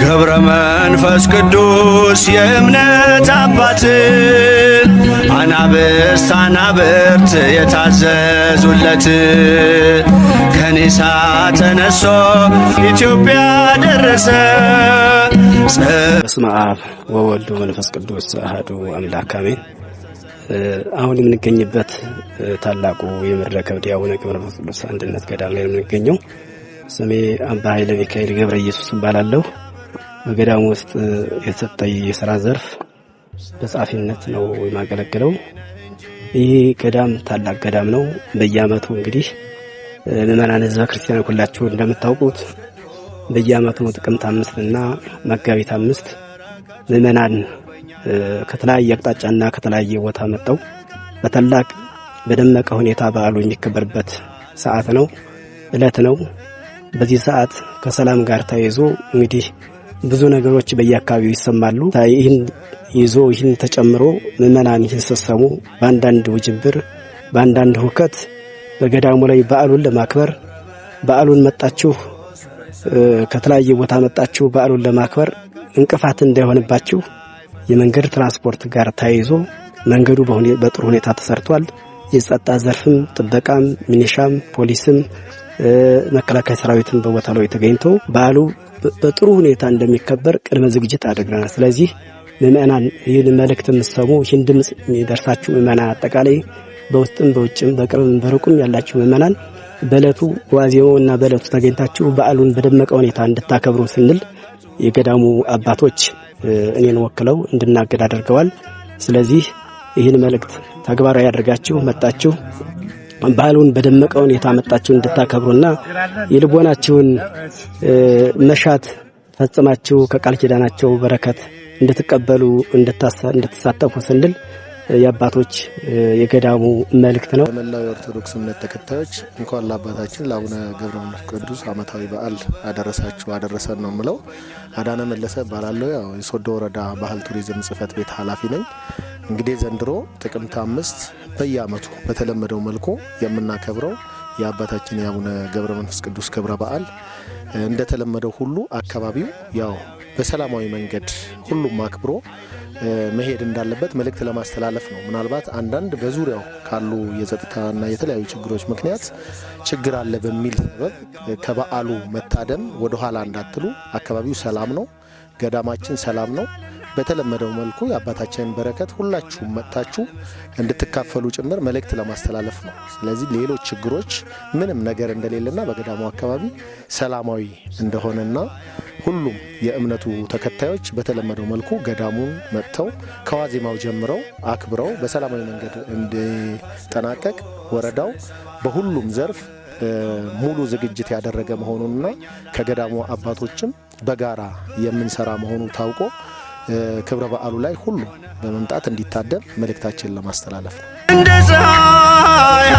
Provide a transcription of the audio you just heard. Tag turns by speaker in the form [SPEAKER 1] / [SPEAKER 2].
[SPEAKER 1] ገብረ መንፈስ ቅዱስ የእምነት አባት አናብስት አናብርት የታዘዙለት ከኒሳ ተነሶ ኢትዮጵያ ደረሰ። በስመ አብ ወወልድ መንፈስ ቅዱስ አህዱ አምላክ አሜን። አሁን የምንገኝበት ታላቁ የምድረ ከብድ አቡነ ገብረ መንፈስ ቅዱስ አንድነት ገዳም ላይ የምንገኘው ስሜ አባ ኃይለ ሚካኤል ገብረ ኢየሱስ እባላለሁ። በገዳሙ ውስጥ የተሰጠኝ የስራ ዘርፍ በጻፊነት ነው የማገለግለው። ይህ ገዳም ታላቅ ገዳም ነው። በየአመቱ እንግዲህ ምዕመናን ህዝበ ክርስቲያን ሁላችሁ እንደምታውቁት በየአመቱ ጥቅምት አምስት እና መጋቢት አምስት ምዕመናን ከተለያየ አቅጣጫና ከተለያየ ቦታ መጠው በታላቅ በደመቀ ሁኔታ በዓሉ የሚከበርበት ሰዓት ነው፣ እለት ነው። በዚህ ሰዓት ከሰላም ጋር ተያይዞ እንግዲህ ብዙ ነገሮች በየአካባቢው ይሰማሉ። ይህን ይዞ ይህን ተጨምሮ ምዕመናን ይህን በአንዳንድ ውጅብር፣ በአንዳንድ ሁከት በገዳሙ ላይ በዓሉን ለማክበር በዓሉን መጣችሁ ከተለያየ ቦታ መጣችሁ በዓሉን ለማክበር እንቅፋት እንዳይሆንባችሁ የመንገድ ትራንስፖርት ጋር ተያይዞ መንገዱ በጥሩ ሁኔታ ተሰርቷል። የጸጥታ ዘርፍም ጥበቃም፣ ሚኒሻም፣ ፖሊስም መከላከያ ሰራዊትን በቦታ ላይ ተገኝቶ በዓሉ በጥሩ ሁኔታ እንደሚከበር ቅድመ ዝግጅት አድርገናል። ስለዚህ ምእመናን ይህን መልእክት የምትሰሙ ይህን ድምፅ የሚደርሳችሁ ምእመናን አጠቃላይ በውስጥም በውጭም በቅርብም በሩቅም ያላችሁ ምእመናን በዕለቱ እና በለቱ ተገኝታችሁ በዓሉን በደመቀ ሁኔታ እንድታከብሩ ስንል የገዳሙ አባቶች እኔን ወክለው እንድናገድ አድርገዋል። ስለዚህ ይህን መልእክት ተግባራዊ ያደርጋችሁ መጣችሁ ባህሉን በደመቀ ሁኔታ መጣችሁ እንድታከብሩና የልቦናችሁን መሻት ፈጽማችሁ ከቃል ኪዳናቸው በረከት እንድትቀበሉ እንድትሳተፉ ስንል የአባቶች የገዳሙ መልእክት ነው።
[SPEAKER 2] ለመላው የኦርቶዶክስ እምነት ተከታዮች እንኳን ለአባታችን ለአቡነ ገብረ መንፈስ ቅዱስ ዓመታዊ በዓል አደረሳችሁ አደረሰን ነው የምለው። አዳነ መለሰ እባላለሁ። የሶዶ ወረዳ ባህል ቱሪዝም ጽህፈት ቤት ኃላፊ ነኝ። እንግዲህ ዘንድሮ ጥቅምት አምስት በየአመቱ በተለመደው መልኩ የምናከብረው የአባታችን የአቡነ ገብረ መንፈስ ቅዱስ ክብረ በዓል እንደተለመደው ሁሉ አካባቢው ያው በሰላማዊ መንገድ ሁሉም አክብሮ መሄድ እንዳለበት መልእክት ለማስተላለፍ ነው። ምናልባት አንዳንድ በዙሪያው ካሉ የጸጥታና የተለያዩ ችግሮች ምክንያት ችግር አለ በሚል ሰበብ ከበዓሉ መታደም ወደኋላ እንዳትሉ። አካባቢው ሰላም ነው። ገዳማችን ሰላም ነው። በተለመደው መልኩ የአባታችንን በረከት ሁላችሁም መጥታችሁ እንድትካፈሉ ጭምር መልእክት ለማስተላለፍ ነው። ስለዚህ ሌሎች ችግሮች ምንም ነገር እንደሌለና በገዳሙ አካባቢ ሰላማዊ እንደሆነና ሁሉም የእምነቱ ተከታዮች በተለመደው መልኩ ገዳሙን መጥተው ከዋዜማው ጀምረው አክብረው በሰላማዊ መንገድ እንዲጠናቀቅ ወረዳው በሁሉም ዘርፍ ሙሉ ዝግጅት ያደረገ መሆኑንና ከገዳሙ አባቶችም በጋራ የምንሰራ መሆኑ ታውቆ ክብረ በዓሉ ላይ ሁሉ በመምጣት እንዲታደም መልእክታችን ለማስተላለፍ ነው።